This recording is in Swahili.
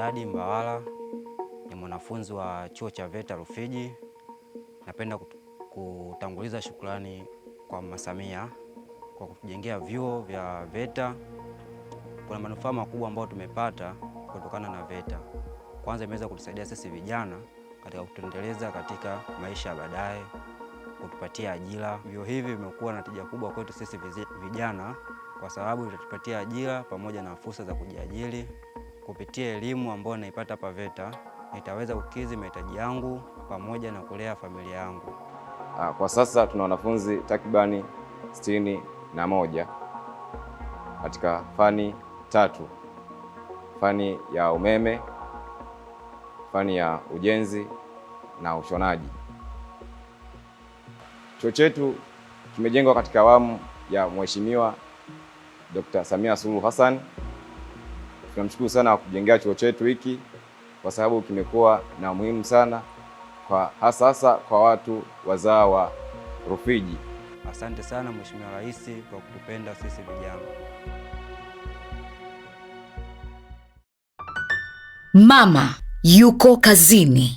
Dadi Mbawala ni mwanafunzi wa chuo cha VETA Rufiji. Napenda kutanguliza shukrani kwa Mama Samia kwa kutujengea vyuo vya VETA. Kuna manufaa makubwa ambayo tumepata kutokana na VETA. Kwanza imeweza kutusaidia sisi vijana katika kutuendeleza katika maisha ya baadaye, kutupatia ajira. Vyuo hivi vimekuwa na tija kubwa kwetu sisi vijana, kwa sababu vitatupatia ajira pamoja na fursa za kujiajiri kupitia elimu ambayo naipata hapa VETA nitaweza kukidhi mahitaji yangu pamoja na kulea familia yangu. Ah, kwa sasa tuna wanafunzi takribani sitini na moja katika fani tatu: fani ya umeme, fani ya ujenzi na ushonaji. Chuo chetu kimejengwa katika awamu ya Mheshimiwa Dr. Samia Suluhu Hassan tunamshukuru sana kujengea chuo chetu hiki kwa sababu kimekuwa na muhimu sana kwa hasa hasa kwa watu wazaa wa Rufiji. Asante sana Mheshimiwa Rais kwa kutupenda sisi vijana. Mama yuko kazini.